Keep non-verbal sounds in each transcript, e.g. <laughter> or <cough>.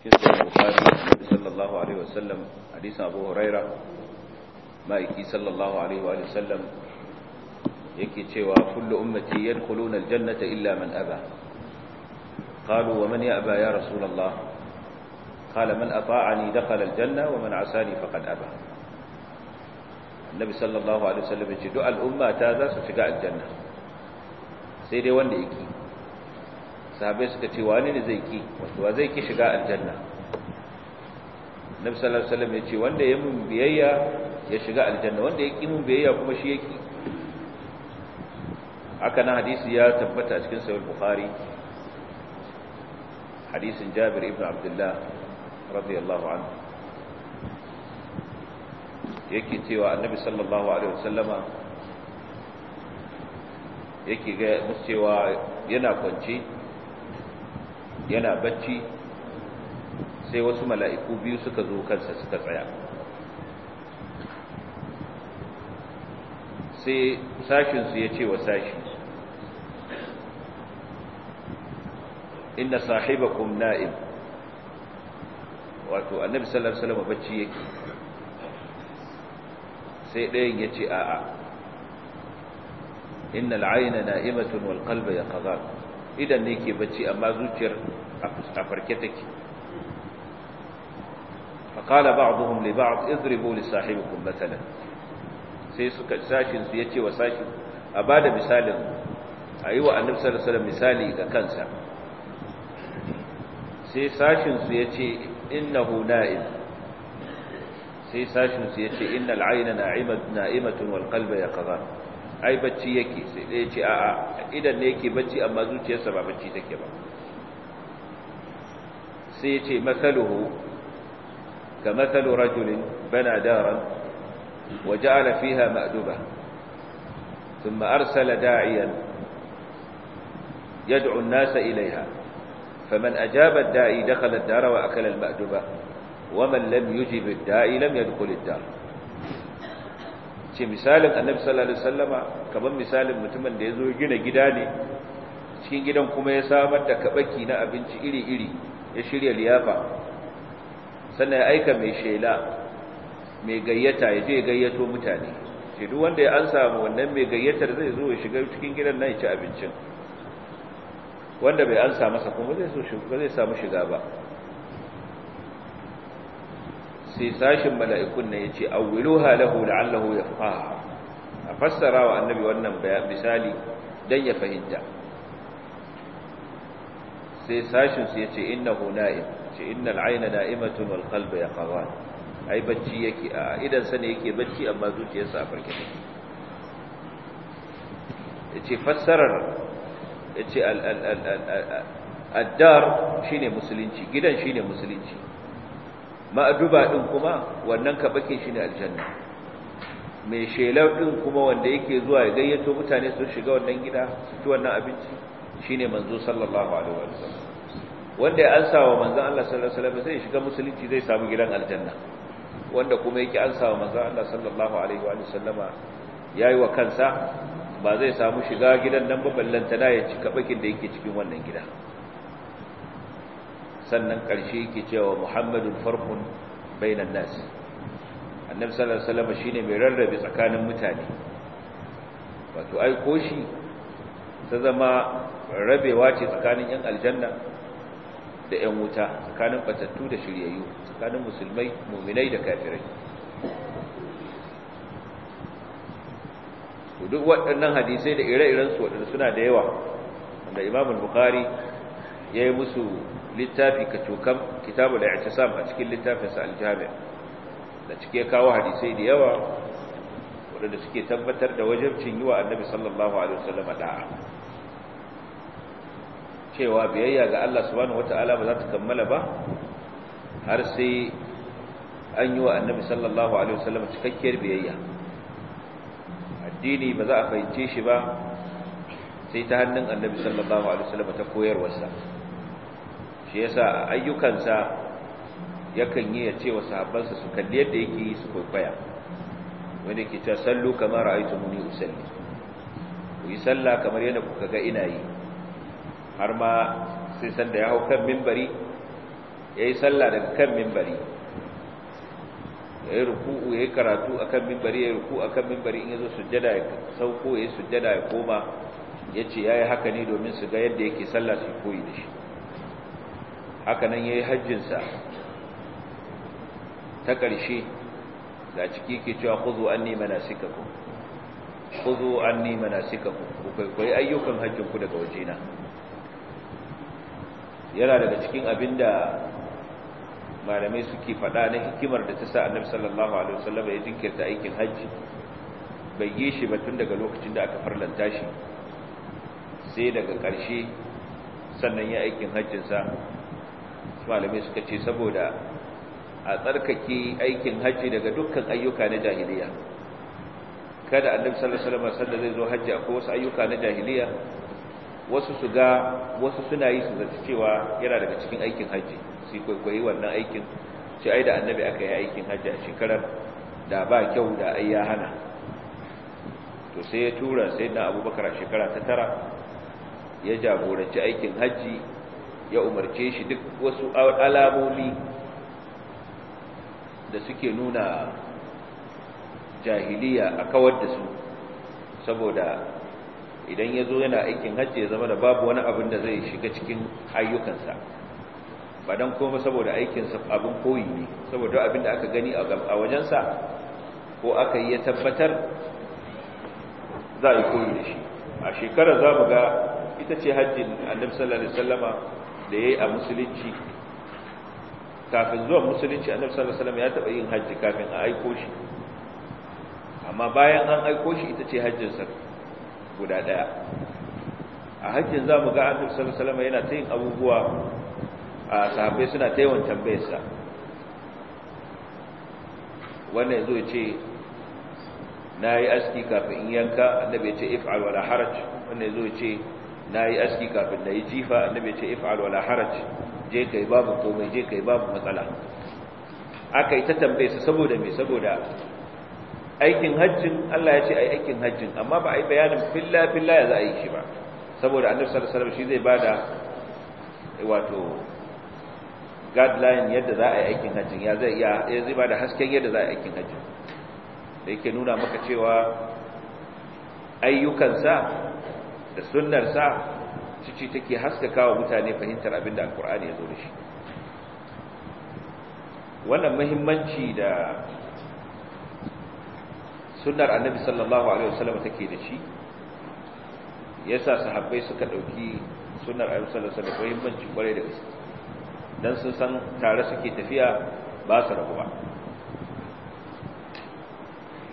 cikin sahih bukhari da sallallahu alaihi wasallam hadisin abu huraira ma'aiki sallallahu alaihi wa sallam yake cewa kullu ummati yadkhuluna aljannata illa man aba qalu wa man ya'ba ya rasulullah qala man ata'ani dakhala aljanna wa man 'asani faqad aba annabi sallallahu alaihi wasallam yace duk al'umma ta za su shiga aljanna sai dai wanda yake sahabai suka ce wani ne zai ki wato wa zai ki shiga aljanna nabi sallallahu alaihi wasallam ya ce wanda ya mun biyayya ya shiga aljanna wanda ya ki mun biyayya kuma shi ya ki haka na hadisi ya tabbata a cikin sahih bukhari hadisin jabir ibn abdullah radiyallahu anhu yake cewa annabi sallallahu alaihi wasallama yake ga musu cewa yana kwance yana bacci sai wasu mala'iku biyu suka zo kansa suka tsaya sai sashinsu ya ce wa sashi inna sahibakum na'im wato annabi sallar salama bacci yake sai ɗayan ya ce a'a innal ayna na'imatun wal ya yaqdhan idan ne ke bacci amma zuciyar a farke take faƙala ba abuhun liba'ad izribu lissahibukum matsalan sai suka sashinsu ya ce wa sashin a bada da misalin a yi wa annabi sallallahu misali ga kansa sai sashinsu ya ce innahu na'im sai sashinsu ya ce innal aina na'imatun wal qalba yaqza ai bacci yake sai dai ya a'a idan ne yake bacci amma zuciyarsa ba bacci take ba sai ce masaluhu ka masalu rajulin bana daran wa ja'ala fiha ma'duba thumma arsala da'iyan yad'u an-nasa ilayha faman ajaba ad-da'i dakhala ad-dara wa akala al-ma'duba waman lam yujib ad-da'i lam yadkhul ad-dar ce misalin annabi sallallahu alaihi wasallama kaman misalin mutumin da yazo gina gida ne cikin gidan kuma ya samar da kabaki na abinci iri-iri ya shirya liyafa sannan ya aika mai shela mai gayyata ya je gayyato mutane ke duk wanda ya ansa mu wannan mai gayyatar zai zo ya shiga cikin gidan na ya ci abincin wanda bai ansa masa kuma zai samu shiga ba sai sashin mala'ikun nan yace awwiluha lahu la'allahu yafqaha a fassara wa annabi wannan misali dan ya fahimta sai sashin su yace innahu na'im ce innal ayna na'imatun wal qalbu yaqawan ai bacci yake a idan sa ne yake bacci amma zuciyarsa a farke take yace fassarar yace al al al al addar shine musulunci gidan shine musulunci ma'aduba din kuma wannan bake shine aljanna mai shelar din kuma wanda yake zuwa ya gayyato mutane su shiga wannan gida su ci wannan abinci Shi ne manzo sallallahu alaihi wa sallam wanda ya ansa wa manzo Allah sallallahu alaihi sallam sai shiga musulunci zai samu gidan aljanna wanda kuma yake ansa wa manzo Allah sallallahu alaihi wasallama yayi wa kansa ba zai samu shiga gidan nan ba ballantana ya ci kabakin da yake cikin wannan gida sannan ƙarshe yake cewa muhammadun farqun bainan nasi annabi sallallahu alaihi sallam shine mai rarrabe tsakanin mutane wato ai ko shi ta zama rabewa ce tsakanin yan aljanna da yan wuta tsakanin batattu da shiryayyu tsakanin musulmai muminai da kafirai duk waɗannan hadisai da ire-iren su waɗanda suna da yawa wanda imamul bukhari ya yi musu littafi ka cokan kitabu da i'tisam a cikin littafinsa aljami da cike kawo hadisai da yawa waɗanda suke tabbatar da wajen yi wa annabi sallallahu alaihi wasallam da'a cewa biyayya ga Allah subhanahu wata'ala ba za ta kammala ba har sai an yi wa annabi sallallahu alaihi wasallam cikakkiyar biyayya addini ba za a fahimce shi ba sai ta hannun annabi sallallahu alaihi wasallam ta koyarwarsa shi yasa ayyukansa yakan yi ya ce wa sahabbansa su kalli yadda yake su kwaikwaya wanda ke ta sallu kamar ra'aytumuni usalli ku yi sallah kamar yadda kuka ga ina yi har ma sai sanda ya hau kan mimbari ya yi sallah daga kan mimbari ya yi ruku'u ya yi karatu a kan mimbari ya yi ruku'u a kan mimbari in ya zo sujjada ya sauko ya yi sujjada ya koma ya ce ya yi haka ne domin su ga yadda yake sallah su koyi da shi haka nan ya yi hajjinsa ta ƙarshe da ciki ke cewa kuzo an nema na suka ku kuzo an nema na suka ku ku kwaikwayi ayyukan hajjinku daga wajena yana daga cikin abin da malamai suke faɗa na hikimar da ta sa annabi sallallahu alaihi wasallam ya jinkirta aikin hajji bai yi shi ba tun daga lokacin da aka farlanta shi sai daga ƙarshe sannan ya aikin hajjinsa malamai suka ce saboda a tsarkake aikin hajji daga dukkan ayyuka na jahiliya kada annabi sallallahu alaihi wasallam sanda zai zo hajji akwai wasu ayyuka na jahiliya wasu su ga wasu suna yi su zata cewa yana daga cikin aikin hajji su kwaikwayi wannan aikin ce ai da annabi aka yi aikin hajji a shekarar da ba kyau da ai ya hana to sai ya tura sai na abubakar a shekara ta tara ya jagoranci aikin hajji ya umarce shi duk wasu alamomi da suke nuna jahiliya a kawar da su saboda idan ya zo yana aikin hajji ya zama da babu wani abin da zai shiga cikin ayyukansa ba don koma saboda aikinsa abin koyi ne saboda abin da aka gani a wajensa ko aka yi ya tabbatar za a yi koyi da shi a shekarar za mu ga ita ce hajjin annabi sallallahu alaihi wasallama da ya yi a musulunci kafin zuwan musulunci annabi sallallahu alaihi ya taɓa yin hajji kafin a aiko shi amma bayan an aiko shi ita ce hajjinsa guda daya a hakkin za mu ga annabi salama alaihi yana ta yin abubuwa a sahabai suna ta yawan tambayarsa wannan yanzu ya ce na yi aski kafin in yanka annabi ya ce if'al wala haraj wannan yanzu ya ce na yi aski kafin na yi jifa annabi ya ce if'al wala haraj je kai babu komai je kai babu matsala aka yi ta tambayarsa saboda me saboda aikin hajjin Allah ya ce a yi aikin hajjin amma ba a yi bayanin filla filla ya za a yi shi ba saboda annabi sallallahu alaihi wasallam shi zai bada wato guideline yadda za a yi aikin hajjin ya zai ya zai bada hasken yadda za a yi aikin hajjin da yake nuna maka cewa ayyukansa da sunnarsa cici take haskaka wa mutane fahimtar abin da alkur'ani ya zo da shi wannan muhimmanci da sunnar annabi sallallahu alaihi wasallam take da shi yasa sahabbai suka dauki sunnar annabi sallallahu alaihi wasallam da muhimmanci kwarai da gaske dan sun san tare suke tafiya ba su rabu ba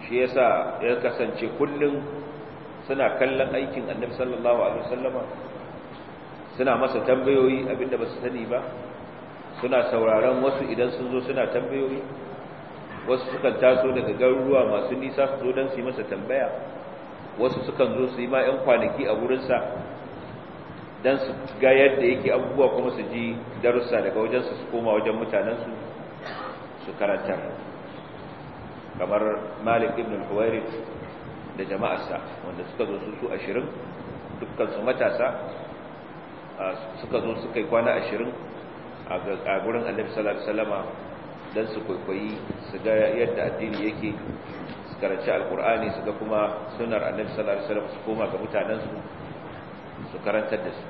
shi yasa ya kasance kullum suna kallon aikin annabi sallallahu alaihi wasallam suna masa tambayoyi abinda ba su sani ba suna sauraron wasu idan sun zo suna tambayoyi wasu sukan taso daga garuruwa masu nisa su zo don su yi masa tambaya wasu sukan zo su yi ma 'yan kwanaki a wurinsa don su ga yadda yake abubuwa kuma su ji darussa daga wajensu su koma wajen mutanensu su karanta kamar malik ibn al-huwairi da jama'arsa wanda suka zo su su ashirin dukkansu matasa suka zo suka yi kwana ashirin a gurin alif sallallahu alaihi dan su kwaikwayi su ga yadda addini yake su karanci alkur'ani su ga kuma sunar annabi sallallahu alaihi wasallam su koma ga mutanensu su karantar da su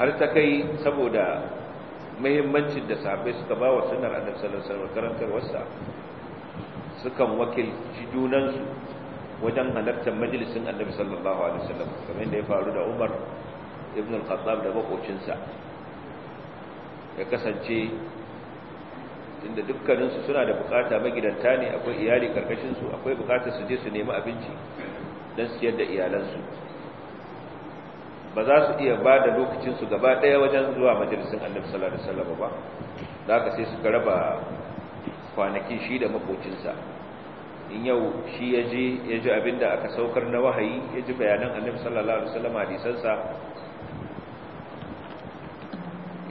har ta kai saboda muhimmancin da sahabbai suka ba wa sunar annabi sallallahu alaihi wasallam karantarwarsa sukan wakilci junansu wajen halartar majalisin annabi sallallahu alaihi wasallam kamar da ya faru da Umar ibn al-Khattab da bakocinsa ya kasance inda dukkaninsu suna da bukata magidanta ne akwai iyali karkashinsu akwai bukatar su je su nemi abinci don siyar da iyalansu ba za su iya ba da lokacinsu gaba ɗaya wajen zuwa majalisun annabi sallallahu alaihi wasallam ba za ka sai suka raba kwanakin shi da makocinsa in yau shi ya ji abinda aka saukar na wahayi ya ji bayanan annabi sallallahu alaihi wasallam hadisansa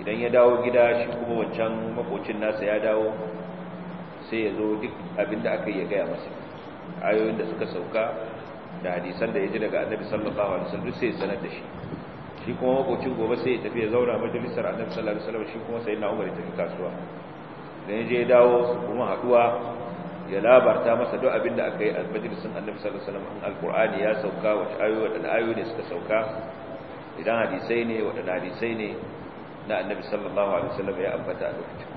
idan ya dawo gida shi kuma wancan makocin nasa ya dawo sai ya zo duk abinda aka yi ya gaya masa ayoyin da suka sauka da hadisan da ya ji daga annabi sallallahu alaihi wasallam sai ya sanar da shi shi kuma makocin gobe sai ya tafi ya zauna majalisar annabi sallallahu alaihi wasallam shi kuma sai na umar ya tafi kasuwa dan ya je ya dawo kuma haduwa ya labarta masa duk abin da aka yi a majalisin annabi sallallahu alaihi wasallam alqur'ani ya sauka wa ayoyi da ayoyi ne suka sauka idan hadisai ne da hadisai ne na annabi sallallahu alaihi wasallam ya ambata a lokacin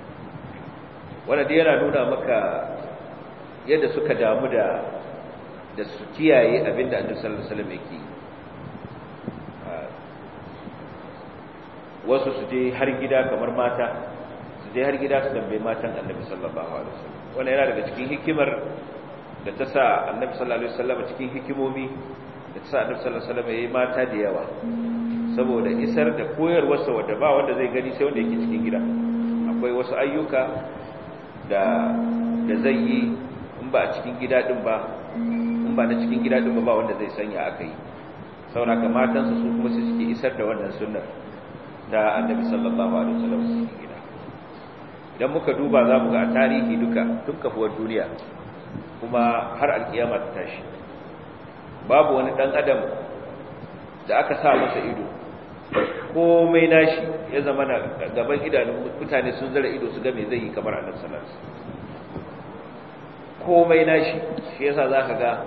wanda dai yana nuna maka yadda suka damu da da su kiyaye abinda annabi sallallahu alaihi wasallam yake ah, wasu su je har gida kamar mata su je har gida su tambaye matan annabi sallallahu alaihi wasallam wannan yana daga cikin hikimar da ta sa annabi sallallahu alaihi wasallam cikin hikimomi da ta sa annabi sallallahu alaihi wasallam yayi mata da yawa saboda isar da koyarwarsa wadda ba wanda zai gani sai wanda yake cikin gida akwai wasu ayyuka da da zai yi in ba a cikin gida din ba in ba na cikin gida din ba ba wanda zai sanya aka yi saboda matansa su kuma su suke isar da wannan sunnar da annabi sallallahu alaihi wasallam cikin gida idan muka duba za mu ga tarihi duka tun kafuwar duniya kuma har alkiyama ta tashi babu wani dan adam da aka sa masa ido komai nashi ya zama na gaban idanun mutane sun zara ido su ga me zai yi kamar a nasarar komai nashi shi yasa ka ga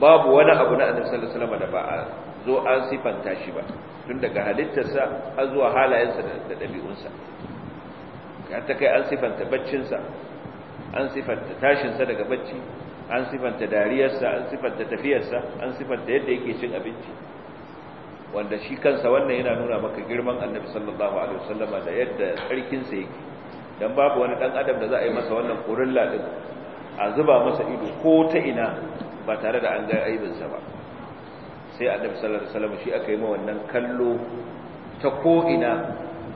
babu wani abu na annabi sallallahu da ba zo an sifanta shi ba tun daga halittarsa har zuwa halayensa da dabi'unsa ta kai an sifanta baccinsa an sifanta tashinsa daga bacci an sifanta dariyarsa an sifanta tafiyarsa an sifanta yadda yake cin abinci wanda shi kansa wannan yana nuna maka girman annabi sallallahu alaihi wasallama da yadda tsarkin sa yake dan babu wani dan adam da za a yi masa wannan kurilla din a zuba masa ido ko ta ina ba tare da an ga aibin ba sai annabi sallallahu alaihi wasallama shi aka yi ma wannan kallo ta ko ina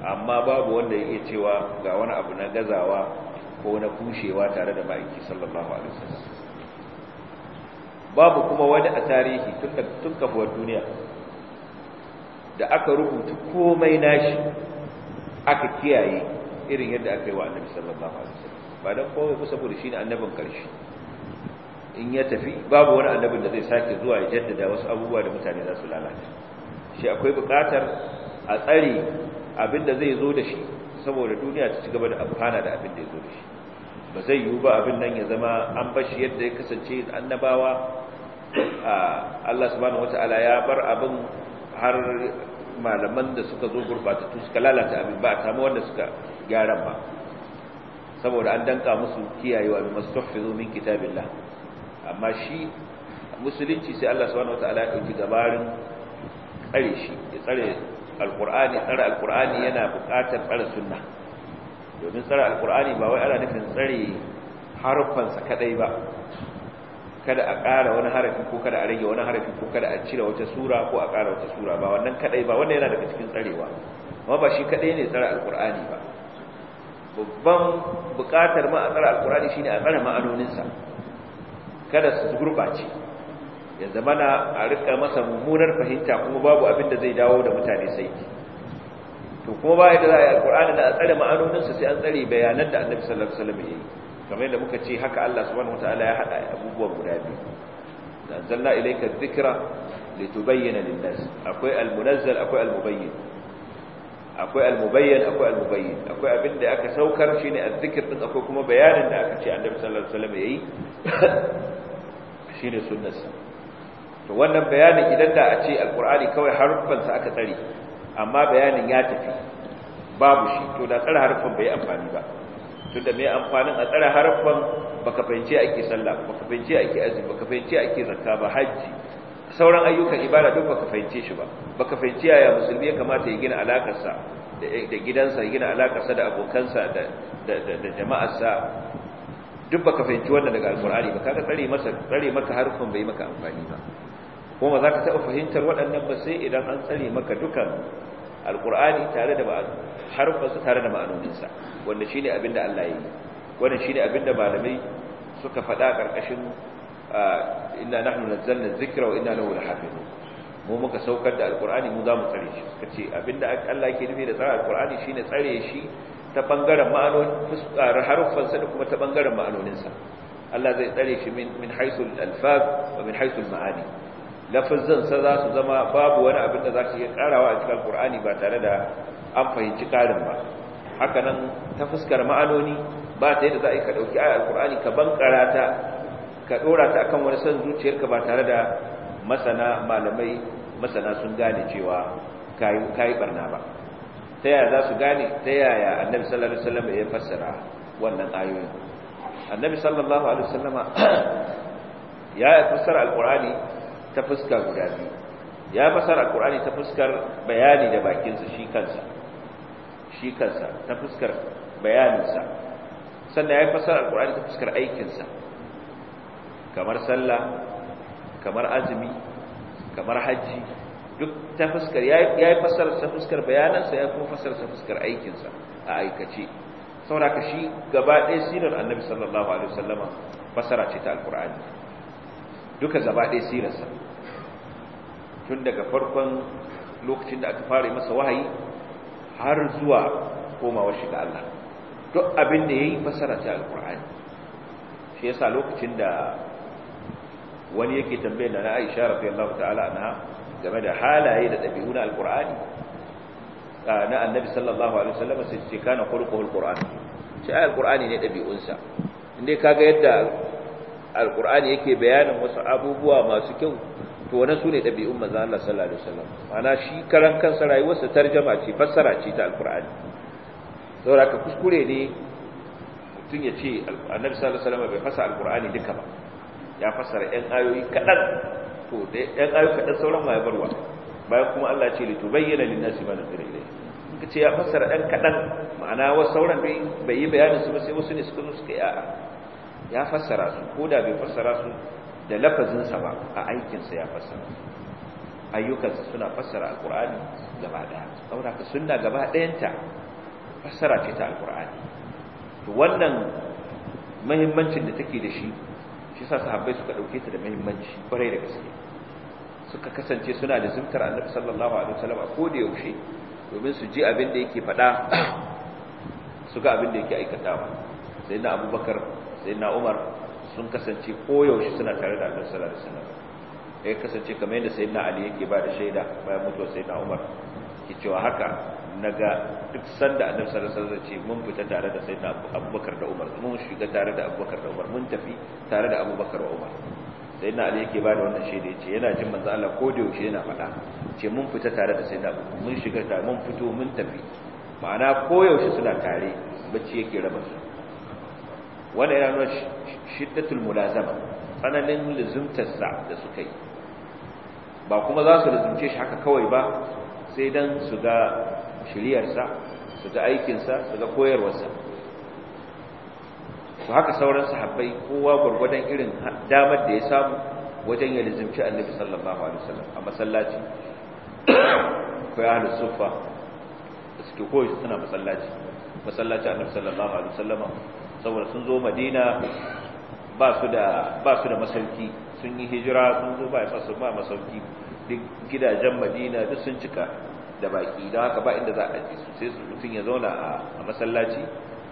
amma babu wanda yake cewa ga wani abu na gazawa ko na kushewa tare da ma'aiki sallallahu alaihi wasallam babu kuma wani a tarihi tun kafuwar duniya da aka rubuta komai nashi aka kiyaye irin yadda aka yi wa annabi sallallahu alaihi wasallam ba dan komai ba saboda shine annabin karshe in ya tafi babu wani annabin da zai sake zuwa ya jaddada wasu abubuwa da mutane za su lalata shi akwai buƙatar a tsare abin da zai zo da shi saboda duniya ta ci gaba da amfana da abin da ya zo da shi ba zai yiwu ba abin nan ya zama an bar shi yadda ya kasance annabawa Allah subhanahu wata'ala ya bar abin har malaman da suka zo gurbatattu suka lalata abin ba a samu wanda suka gyara ba saboda an danka musu kiyayewa bi mastuhfizu min kitabillah amma shi musulunci sai Allah subhanahu wataala ya dauki gabarin tsare shi ya tsare alqur'ani tsare alqur'ani yana bukatar tsare sunna domin tsare alqur'ani ba wai ana nufin tsare harufansa kadai ba kada a ƙara wani harafi ko kada a rage wani harafi ko kada a cire wata sura ko a ƙara wata sura ba wannan kadai ba wannan yana daga cikin tsarewa amma ba shi kadai ne tsara alkur'ani ba babban buƙatar ma a tsara alkur'ani shine a tsara ma'anoninsa kada su gurɓace ya zama na a rika masa mummunar fahimta kuma babu abin da zai dawo da mutane sai to kuma ba yadda za a yi alkur'ani da a tsare ma'anoninsa sai an tsare bayanan da annabi sallallahu alaihi wasallam ya yi kamar yadda muka ce haka Allah subhanahu wataala ya hada abubuwa guda biyu anzalna ilayka dhikra litubayyana lin-nas akwai al-munazzal akwai al-mubayyin akwai al-mubayyan akwai al-mubayyin akwai abinda aka saukar shine az-zikr din akwai kuma bayanin da aka ce Annabi sallallahu alaihi wasallam yayi <coughs> shine sunnarsa to wannan bayanin idan da a ce alqur'ani kawai harfan sa aka tsare amma bayanin ya tafi babu shi to da tsare harfan bai amfani ba tunda mai amfanin a tsara harafan baka fahimci ake sallah baka fahimci ake azumi baka fahimci ake zakka ba haji sauran ayyukan ibada duk baka fahimce shi ba baka fahimci yaya musulmi ya kamata ya gina alakarsa da gidansa ya gina alakarsa da abokansa da da jama'arsa duk baka fahimci wannan daga alqur'ani ba kaga tsare masa tsare maka harfin bai maka amfani ba kuma za ka taɓa fahimtar waɗannan ba sai idan an tsare maka dukan alqur'ani tare da ma'anu harfansa tare da ma'anuninsa wanda shine abinda Allah ya yi wannan shine abinda malamai suka faɗa ƙarƙashin karkashin na nahnu nazzalna dhikra wa na lahu lahafizun mu muka saukar da alqur'ani mu za mu tsare shi kace abinda Allah ke nufi da tsare alqur'ani shine tsare shi ta ɓangaren ma'anonin harfansa da kuma ta ɓangaren ma'anoninsa Allah zai tsare shi min min haythu al wa min haythu maani lafazin sa za su zama babu wani abin da za su iya karawa a cikin alkur'ani ba tare da an fahimci karin ba haka nan ta fuskar ma'anoni ba ta yadda za a yi ka ɗauki a alkur'ani ka bankara ta ka ɗora ta akan wani son zuciyarka ba tare da masana malamai masana sun gane cewa yi barna ba ta yaya za su gane ta yaya annabi sallallahu alaihi wasallam ya fassara wannan ayoyin annabi sallallahu alaihi wasallama ya fassara alqur'ani ta fuska guda biyu ya fasara qurani ta fuskar bayani da bakinsa shi kansa shi kansa ta fuskar bayaninsa sannan ya fasara qurani ta fuskar aikinsa kamar sallah kamar azumi kamar haji duk ta fuskar ya yi fasara ta fuskar bayanansa ya kuma fasara ta fuskar aikinsa a aikace saboda shi gaba ɗaya sirar annabi sallallahu alaihi wasallama fasara ce ta alqur'ani duka gaba ɗaya sirarsa tun daga farkon lokacin da aka fara masa wahayi har zuwa komawar shi ga Allah duk abin da yayi fasara ta alqur'ani shi yasa lokacin da wani yake tambayar da na Aisha radiyallahu ta'ala anha game da halaye da dabi'u na alqur'ani na annabi sallallahu alaihi wasallam sai ce kana khuluquhul qur'an shi ayar qur'ani ne dabi'unsa inde kaga yadda alqur'ani yake bayanin wasu abubuwa masu kyau to wannan sune dabi'un manzo Allah sallallahu alaihi wasallam ana shi karan kansa rayuwarsa tarjama ce fassara ce ta alqur'ani saboda ka kuskure ne mutun ya ce annabi sallallahu alaihi wasallam bai fassara alqur'ani duka ba ya fassara ɗan ayoyi kaɗan to ɗan ayoyi kaɗan sauran ma ya barwa bayan kuma Allah ce li tubayyana lin nasi ma nazira ilayhi kuka ce ya fassara ɗan kaɗan ma'ana wasu sauran bai yi bayanin su ba sai wasu ne suka zo suka yi a'a ya fassara su ko da bai fassara su da lafazinsa ba a aikinsa ya fassara ayyukansa suna fassara alkur'ani gaba daya saboda ka sunna gaba dayanta fassara ce ta alkur'ani to wannan muhimmancin da take da shi shi sa sahabbai suka dauke ta da muhimmanci kwarai da gaske suka kasance suna da zumtar annabi sallallahu alaihi wasallam a da yaushe domin su ji abin da yake faɗa su ga abin da yake aikatawa sai na abubakar sai na umar sun kasance koyaushe suna tare da annabi sallallahu alaihi wasallam ya kasance kamar yadda sayyidina ali yake ba da shaida bayan mutuwar sayyidina umar ki cewa haka naga duk sanda annabi sallallahu alaihi wasallam ce mun fita tare da sayyidina abubakar da umar mun shiga tare da abubakar da umar mun tafi tare da abubakar da umar sayyidina ali yake ba da wannan shaida ce yana jin manzo Allah ko da yaushe yana faɗa ce mun fita tare da sayyidina mun shiga tare mun fito mun tafi ma'ana koyaushe suna tare bacci yake raba su wanda yana nuna shiddatul mulazama tsananin lizumtarsa da suka yi ba kuma za su lizumce shi haka kawai ba sai don su ga shiriyarsa su ga aikinsa su ga koyarwarsa su haka sauran sahabbai kowa gwargwadon irin damar da ya samu wajen ya lizumci annabi sallallahu alaihi wasallam a masallaci akwai ahlus suffa da suke koyi suna masallaci masallaci annabi sallallahu alaihi wasallama saboda sun zo madina ba su da masauki sun yi hijira sun zo ba su ba masauki duk gidajen madina duk sun cika da baki don haka ba inda za a ji su sai su mutum ya zauna a masallaci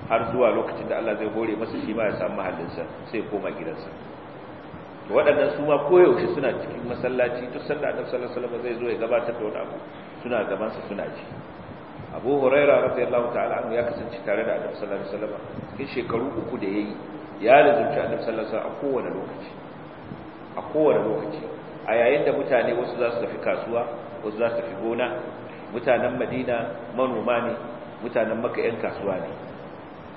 har zuwa lokacin da Allah zai hore masa shi ma ya samu mahallinsa sai koma gidansa waɗannan su ma koyaushe suna cikin masallaci duk sanda annabi sallallahu alaihi wasallam zai zo ya gabatar da wani abu suna gabansa suna ji abu huraira radiyallahu ta'ala anhu ya kasance tare da annabi sallallahu alaihi wasallam cikin shekaru uku da yayi ya lazumci annabi sallallahu alaihi wasallam a kowane lokaci a kowane lokaci a yayin da mutane wasu za su tafi kasuwa wasu za su tafi gona mutanen madina manoma ne mutanen maka yan kasuwa ne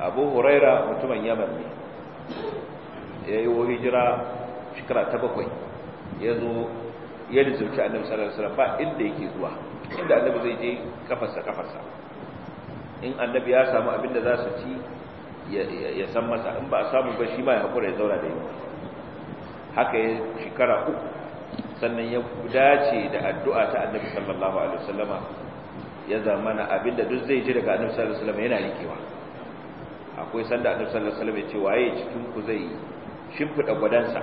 abu huraira mutumin yaman ne ya yi hijira shekara ta bakwai ya zo ya lazumci annabi sallallahu alaihi wasallam ba inda yake zuwa duk inda annabi zai je kafarsa kafarsa in annabi ya samu abin da za su ci ya san masa in ba a samu ba shi ma ya haƙura ya zaura da yi haka ya shekara uku sannan ya dace da addu'a ta annabi sallallahu alaihi wasallama ya zamana abin da duk zai ji daga annabi sallallahu alaihi wasallama yana rikewa akwai sanda annabi sallallahu alaihi wasallama ya ce waye cikin ku zai shimfida gwadansa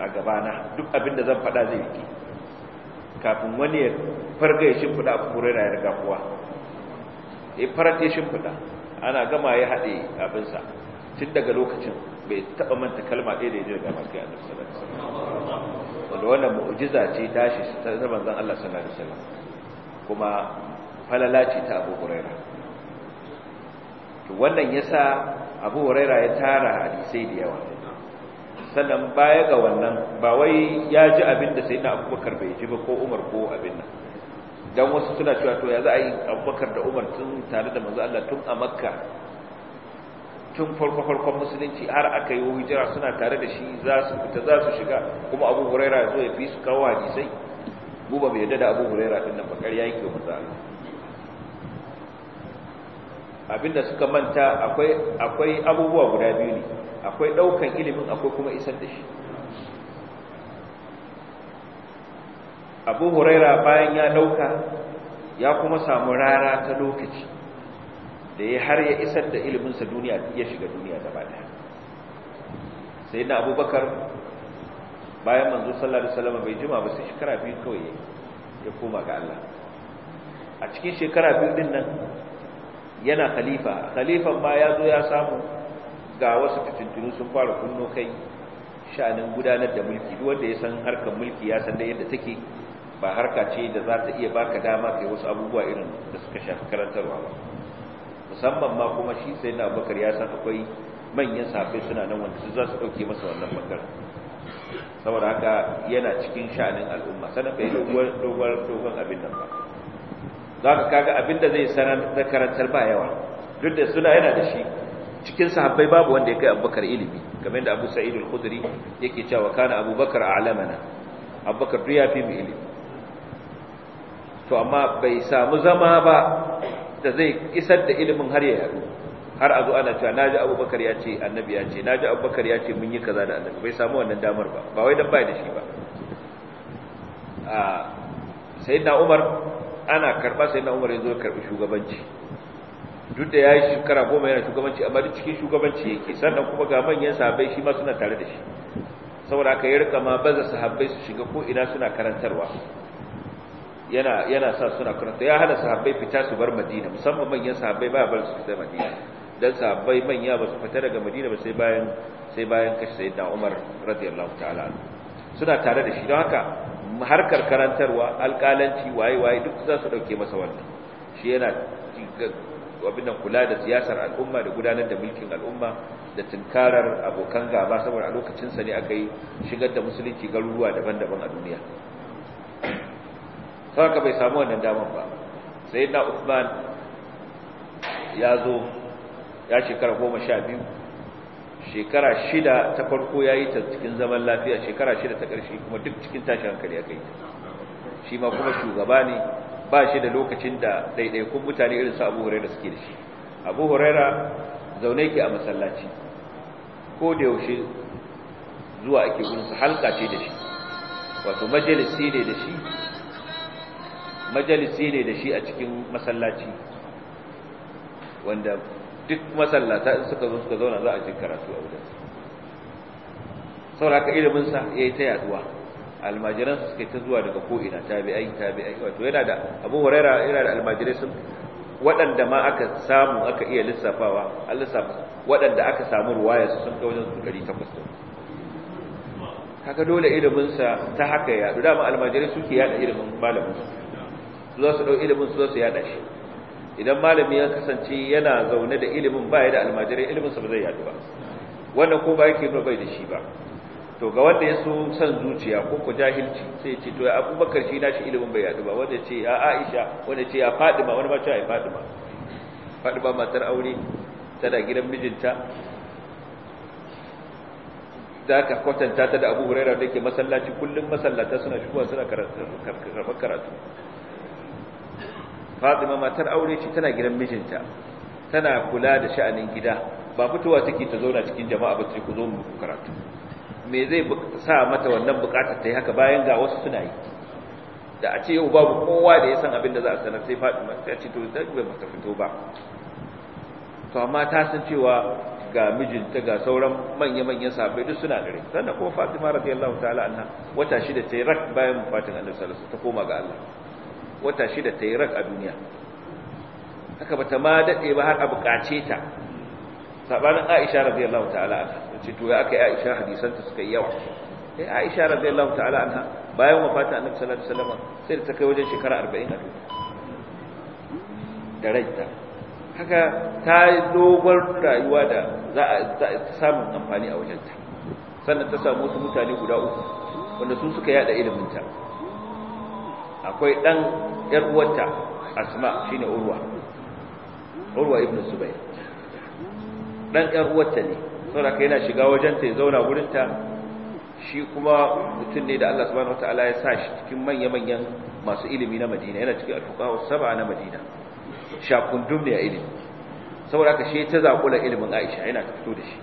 a gabana duk abin da zan faɗa zai rike kafin wani ya farga ya shimfida abu huraira ya riga kuwa, ya fara ya shimfida, ana gama ya haɗe abinsa tun daga lokacin bai taɓa manta kalma ɗaya da ya jirga masu yana sallallahu wanda wanda wannan mu'jiza ce tashi ta zan Allah sallallahu alaihi kuma falala ce ta Abu Huraira to wannan sa Abu Huraira ya tara hadisai da yawa sannan baya ga wannan ba wai ya ji abin da na abubakar bai ji ba ko umar ko abin nan dan wasu suna cewa to ya za a yi abubakar da umar tun tare da manzo Allah tun a makka tun farko farkon musulunci har aka yi hijira suna tare da shi za su fita za su shiga kuma abu huraira zo ya fi su kawo hadisai mu bai yadda da abu huraira din nan ba ƙarya manzo abinda suka manta akwai akwai abubuwa guda biyu ne akwai daukan ilimin akwai kuma isar da shi Abu Huraira bayan ya dauka ya kuma samu rara ta lokaci da ya har ya isar da ilimin sa duniya ya shiga duniya gaba daya sayyidina Abubakar bayan manzo sallallahu alaihi wasallam bai jima ba sai shekara biyu kawai ya koma ga Allah a cikin shekara biyu din nan yana khalifa khalifan ma ya zo ya samu ga wasu fitintunu sun fara kunno kai sha'anin gudanar da mulki duk wanda ya san harkar mulki ya san da yadda take ba harka ce da za ta iya baka dama kai wasu abubuwa irin da suka shafi karantarwa ba musamman ma kuma shi sai na bakar ya san akwai manyan safe suna nan wanda su za su ɗauke masa wannan bakar saboda haka yana cikin sha'anin al'umma sanan bai dogon abin nan ba za ka kaga abinda zai sanar da karantar ba yawa duk da suna yana da shi cikin sahabbai babu wanda ya kai abubakar ilimi kamar da abu sa'id al-khudri yake cewa kana abubakar a'lamana abubakar duk ya fi mu ilimi to amma bai samu zama ba da zai isar da ilimin har ya yaro har a zo ana cewa naji abubakar ya ce annabi ya ce naji abubakar ya ce mun yi kaza da annabi bai samu wannan damar ba ba wai dan bai da shi ba a ah, sayyidina umar ana karba sai na umar yanzu ya karbi shugabanci duk da ya yi shekara goma yana shugabanci amma duk cikin shugabanci yake sannan kuma ga manyan sahabbai shi ma suna tare da shi saboda aka yi rika ma baza sahabbai su shiga ko ina suna karantarwa yana yana sa suna karanta ya hana sahabbai fita su bar madina musamman manyan sahabbai ba bar su fita madina dan sahabbai manya ba su fita daga madina ba sai bayan sai bayan kashi sayyidina umar radiyallahu ta'ala suna tare da shi don haka harkar karantarwa alƙalanci waye waye duk za su ɗauke masa wannan shi yana abin nan kula da siyasar al'umma da gudanar da mulkin al'umma da tunkarar abokan gaba saboda a lokacinsa ne aka yi shigar da musulunci garuruwa daban-daban a duniya saka bai samu wannan damar ba sai na Uthman ya zo ya shekara goma sha biyu shekara shida ta farko ya yi ta cikin zaman lafiya shekara shida ta ƙarshe kuma duk cikin tashi hankali ya kai shi ma kuma shugaba ne ba shi da lokacin da ɗaiɗaikun mutane irin su abu huraira suke da shi abu huraira zaune ke a masallaci ko da yaushe zuwa ake gurin su halka ce da shi wato majalisi ne da shi majalisi ne da shi a cikin masallaci wanda duk masallata in suka zo suka zauna za a ji karatu a wajen saboda haka ilimin sa yayi ta yaduwa almajiran su suke ta zuwa daga ko ina tabi'ai tabi'ai wato yana da Abu Hurairah yana da almajirai sun waɗanda ma aka samu aka iya lissafawa an lissafa waɗanda aka samu ruwaya su sun kai wajen su 800 haka dole ilimin sa ta haka ya dama almajirai suke yada ilimin malamin su za su dau ilimin su za su yada shi idan malami ya kasance yana zaune da ilimin ba ya da almajirai ilimin sa ba zai yadu ba wannan ko ba yake nuna bai da shi ba to ga wanda ya so san zuciya ko ku jahilci sai ya ce to ya abubakar shi nashi ilimin bai yadu ba wanda ya ce ya aisha wanda ya ce ya fadima wani ba ce ya fadima fadima matar aure tana gidan mijinta da ka kwatanta ta da abu huraira da ke masallaci kullum masallata suna shigowa suna karatu fatima matar aure ce tana gidan mijinta tana kula da sha'anin gida ba fitowa take ta zauna cikin jama'a ba sai ku zo mu karatu me zai sa mata wannan bukatar ta yi haka bayan ga wasu suna yi da a ce yau babu kowa da ya san abin da za a sanar sai fatima ta ce to da ba ta fito ba to amma ta san cewa ga mijinta ga sauran manya-manyan sahabbai duk suna gare sannan kuma fatima radiyallahu ta'ala anha wata shida ta yi rak bayan fatin annabi sallallahu alaihi wasallam ta koma ga Allah wata shida ta yi rak a duniya haka bata ma daɗe ba har a buƙace ta sabanin Aisha radiyallahu ta'ala anha ce to ya aka yi Aisha hadisanta suka yi yawa eh Aisha radiyallahu ta'ala anha bayan wafatin Annabi sallallahu alaihi wasallam sai da ta kai wajen shekara 40 a duniya da raita haka ta yi dogon rayuwa da za a samu amfani a wajenta sannan ta samu wasu mutane guda uku wanda su suka yada ilimin ta akwai ɗan ‘yar uwarta asma shi ne urwa urwa ibn zubair ɗan ‘yar uwarta ne saboda ka yana shiga wajenta ya zauna wurinta shi kuma mutum ne da Allah subhanahu wataala ya sa shi cikin manya-manyan masu ilimi na madina yana cikin alfukawa saba na madina shakundum ne a ilimi saboda ka shi ta zakula ilimin aisha yana ta fito da shi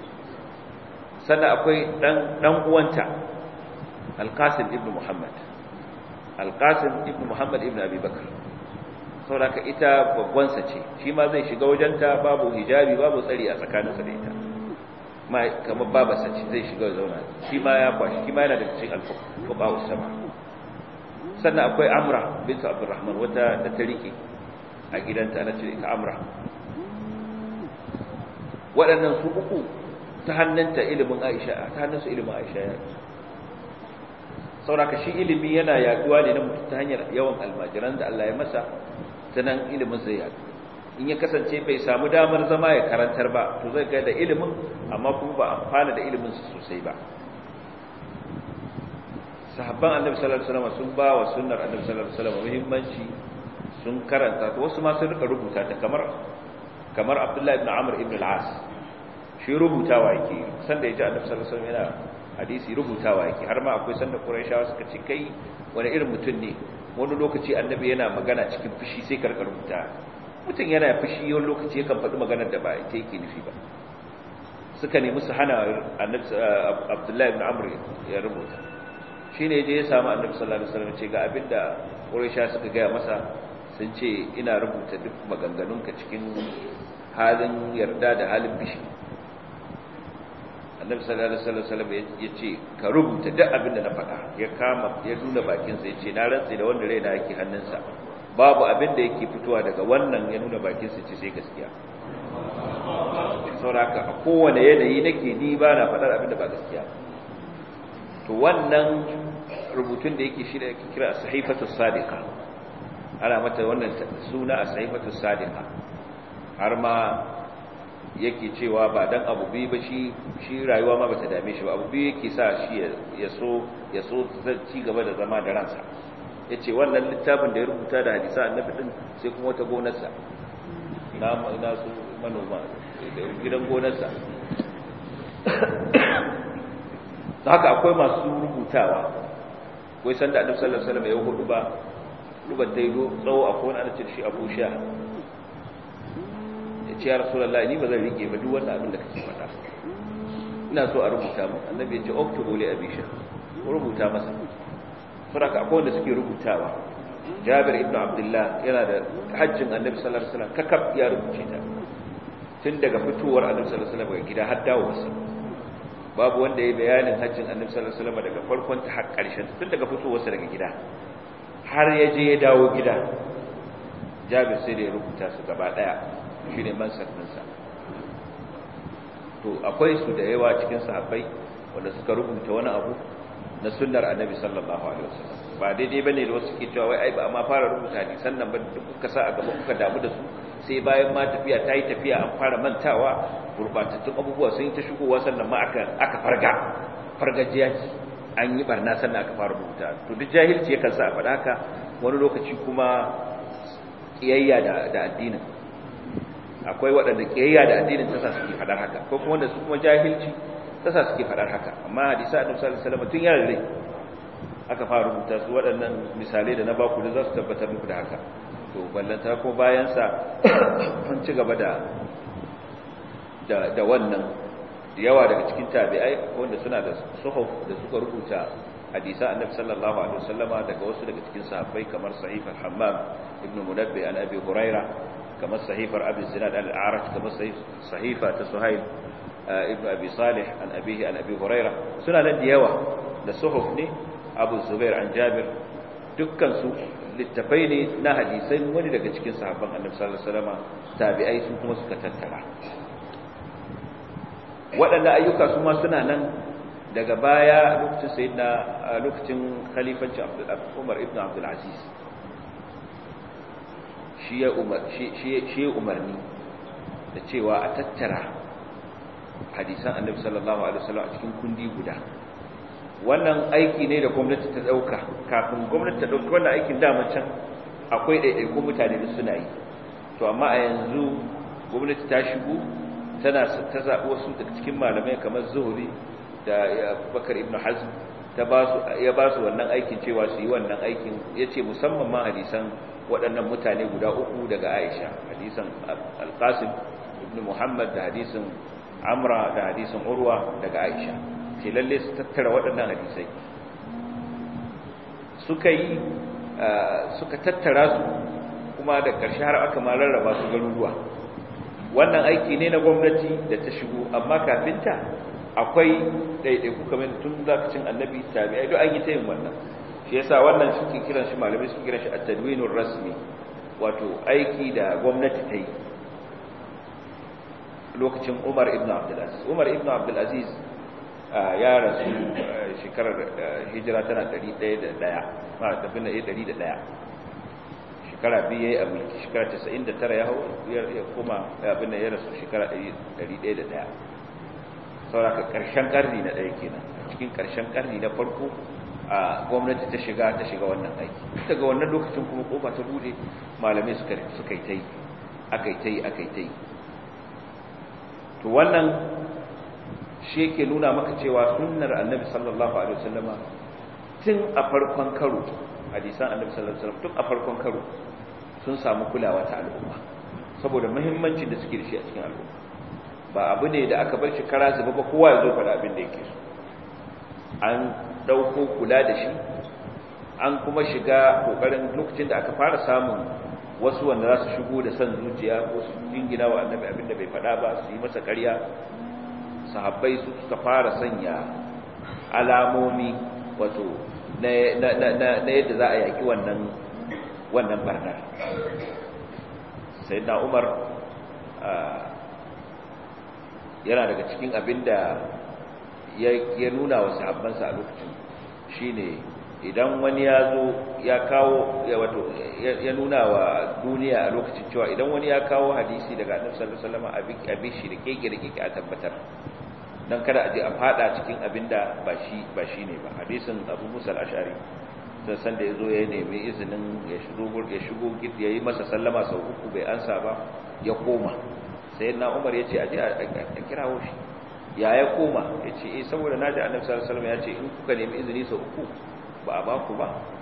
sannan akwai ɗan uwanta alkasim ibn muhammad alqasim ibn muhammad ibn abi sauraka ita babban ce shi ma zai shiga wajenta babu hijabi babu tsari a tsakaninsa da ita ma kamar babarsa ce zai shiga zauna shi ma ya kwashi shi ma yana daga cikin alfuqaha usama sannan akwai amra bint abdurrahman wata da ta rike a gidanta na ce ita amra waɗannan su uku ta hannunta ilimin aisha ta hannunsu ilimin aisha ya sauraka shi ilimi yana yaduwa ne na mutum ta hanyar yawan almajiran da Allah ya masa nan ilimin zai yadu in ya kasance bai samu damar zama ya karantar ba to zai kai da ilimin amma kuma ba amfana da ilimin sosai ba sahabban annabi sallallahu alaihi wasallam sun ba wa sunnar annabi sallallahu alaihi wasallam muhimmanci sun karanta to wasu ma sun rubuta ta kamar kamar Abdullah ibn Amr ibn al-As shi rubutawa yake san da yaji annabi sallallahu alaihi wasallam yana hadisi rubutawa yake har ma akwai sanda quraishawa suka ce kai wani irin mutum ne wani lokaci annabi yana magana cikin fushi sai ka rubuta mutum yana fushi yawan lokaci yakan faɗi maganar da ba ita yake nufi ba suka nemi su hana uh, abdullahi ibn amr ya rubuta shi ne je ya samu annabi sallallahu alaihi wasallam ce ga abinda quraisha suka gaya masa sun ce ina rubuta duk maganganunka cikin halin yarda da halin fushi annabi sallallahu alaihi wasallam ya ce ka rubuta duk abin da na faɗa ya kama ya nuna bakinsa ya ce na rantse da wanda raina yake hannunsa babu abin da yake fitowa daga wannan ya nuna ya ce sai gaskiya sauraka a kowane yanayi nake ni ba na faɗar abin da ba gaskiya to wannan rubutun da yake shi da yake kira sahifatu sadiqa ana mata wannan suna a sahifatu sadiqa har ma yake cewa ba dan abu bi ba shi shi rayuwa ma bata dame shi ba abu bi yake sa shi ya so ya so ci gaba da zama da ransa yace wannan littafin da ya rubuta da hadisi annabi din sai kuma wata gonarsa ina ina su manoma da gidan gonarsa haka akwai masu rubutawa kai san da annabi sallallahu alaihi wasallam ya hudu ba rubar daido tsawo akwai wani an ce shi Abu Shah ce ya rasulallah ni ba zan rike ba duk wannan abin da kake faɗa ina so a rubuta mu annabi ya ce oktubu li abisha rubuta masa ka akwai wanda suke rubutawa jabir ibn abdullah yana da hajjin annabi sallallahu alaihi wasallam kakab ya rubuce ta tun daga fitowar annabi sallallahu alaihi wasallam daga gida har dawo dawowarsa babu wanda ya bayanin hajjin annabi sallallahu alaihi wasallam daga farkon ta har karshen tun daga sa daga gida har ya je ya dawo gida jabir sai da ya rubuta su gaba daya shi ne to akwai su da yawa cikin sahabbai wanda suka rubuta wani abu na sunnar annabi sallallahu alaihi wasallam ba daidai bane da wasu ke cewa wai ai ba amma fara rubuta ne, sannan ba da kuka sa a gaba kuka damu da su sai bayan ma tafiya ta yi tafiya an fara mantawa gurbatattun abubuwa sun yi ta shigowa sannan ma aka aka farga fargajiya ce an yi barna sannan aka fara rubuta to duk jahilci yakan sa a faɗa haka wani lokaci kuma kiyayya da addinin akwai waɗanda kiyayya da addinin tasa suke faɗar haka ko kuma wanda su kuma jahilci tasa suke faɗar haka amma hadisa annabi sallallahu alaihi wasallam tun yana rai aka fara rubuta su waɗannan misalai da na baku da za su tabbatar muku da haka to ballanta ko bayan sa an ci gaba da da wannan yawa daga cikin tabi'ai wanda suna da suhuf da suka rubuta hadisa annabi sallallahu alaihi wasallama daga wasu daga cikin sahabbai kamar sa'if al-hammam ibn munabbi an abi hurairah kamar sahifar abin zinad al-arat kamar sahifa ta suhail ibn abi salih an abihi an abi huraira suna nan da yawa da suhuf ne abu zubair an jabir dukkansu su littafai ne na hadisai wani daga cikin sahabban annabi sallallahu alaihi wasallam tabi'ai sun kuma suka tattara waɗanda ayyuka su ma suna nan daga baya lokacin sayyidina lokacin khalifancin Umar ibn Abdul Aziz shi ya umarni da cewa a tattara hadisan annabi sallallahu alaihi wasallam a cikin kundi guda wannan aiki ne da gwamnati ta dauka kafin gwamnati ta dauki wannan aikin da can akwai ɗaiɗaikun mutane da suna yi to amma a yanzu gwamnati ta shigo tana ta zaɓi wasu daga cikin malamai kamar zuhuri da eh, bakar ibn hazm ya ba su wannan aikin cewa su yi wannan aikin ya ce musamman ma hadisan waɗannan mutane guda uku daga Aisha hadisin Al-Qasim ibn Muhammad da hadisin Amra da hadisin Urwa daga Aisha ke lalle su tattara waɗannan hadisai suka yi suka tattara su kuma da ƙarshe har aka ma rarraba su garuruwa wannan aiki ne na gwamnati da ta shigo amma kafinta akwai ɗaiɗaiku kamar tun zakacin annabi tabi'ai duk an yi ta yin wannan shi yasa wannan suke kiran shi malamai suke kiran shi at-tadwinur rasmi wato aiki da gwamnati ta yi lokacin Umar ibn Abdul Aziz Umar ibn Abdul Aziz ya rasu shekarar hijira tana 101 ma tafi na 101 shekara biyu yayi a mulki shekara 99 ya hau ya kuma abin da ya rasu shekara 101 saboda karshen karni na ɗaya kenan cikin karshen karni na farko a gwamnati ta shiga ta shiga wannan aiki daga wannan lokacin kuma kofa ta bude malamai suka suka yi tai akai tai akai tai to wannan shi yake nuna maka cewa sunnar annabi sallallahu alaihi wasallama tun a farkon karo hadisan annabi sallallahu alaihi wasallam tun a farkon karo sun samu kulawa ta al'umma saboda muhimmancin da suke da shi a cikin al'umma ba abu ne da aka bar shi kara zuba ba kowa ya zo faɗa abin da yake so an ɗauko kula da shi an kuma shiga ƙoƙarin lokacin da aka fara samun wasu wanda za su shigo da san zuciya ko su jingina wa annabi abinda bai faɗa ba su yi masa ƙarya sahabbai su suka fara sanya alamomi wato na yadda za a yaƙi wannan wannan barna sai na umar ah, yana daga cikin abinda ya nuna wa sahabbansa a lokacin shine idan wani ya zo ya kawo ya nuna wa duniya a lokacin cewa idan wani ya kawo hadisi daga annabi sallallahu alaihi wasallam a bi shi da kekirkeke a tabbatar dan kada a je a fada cikin abinda ba shi ba shine ba hadisin Abu Musa al-Ash'ari sai san da yazo ya nemi izinin ya shigo ya shigo gid yayi masa sallama sau uku bai ansa ba ya koma sai na Umar yace a je a kirawo shi ya ya koma ya ce eh, saboda na ji annabi sallallahu alaihi wasallam ya ce in kuka nemi izini sau uku ba a ba ku ba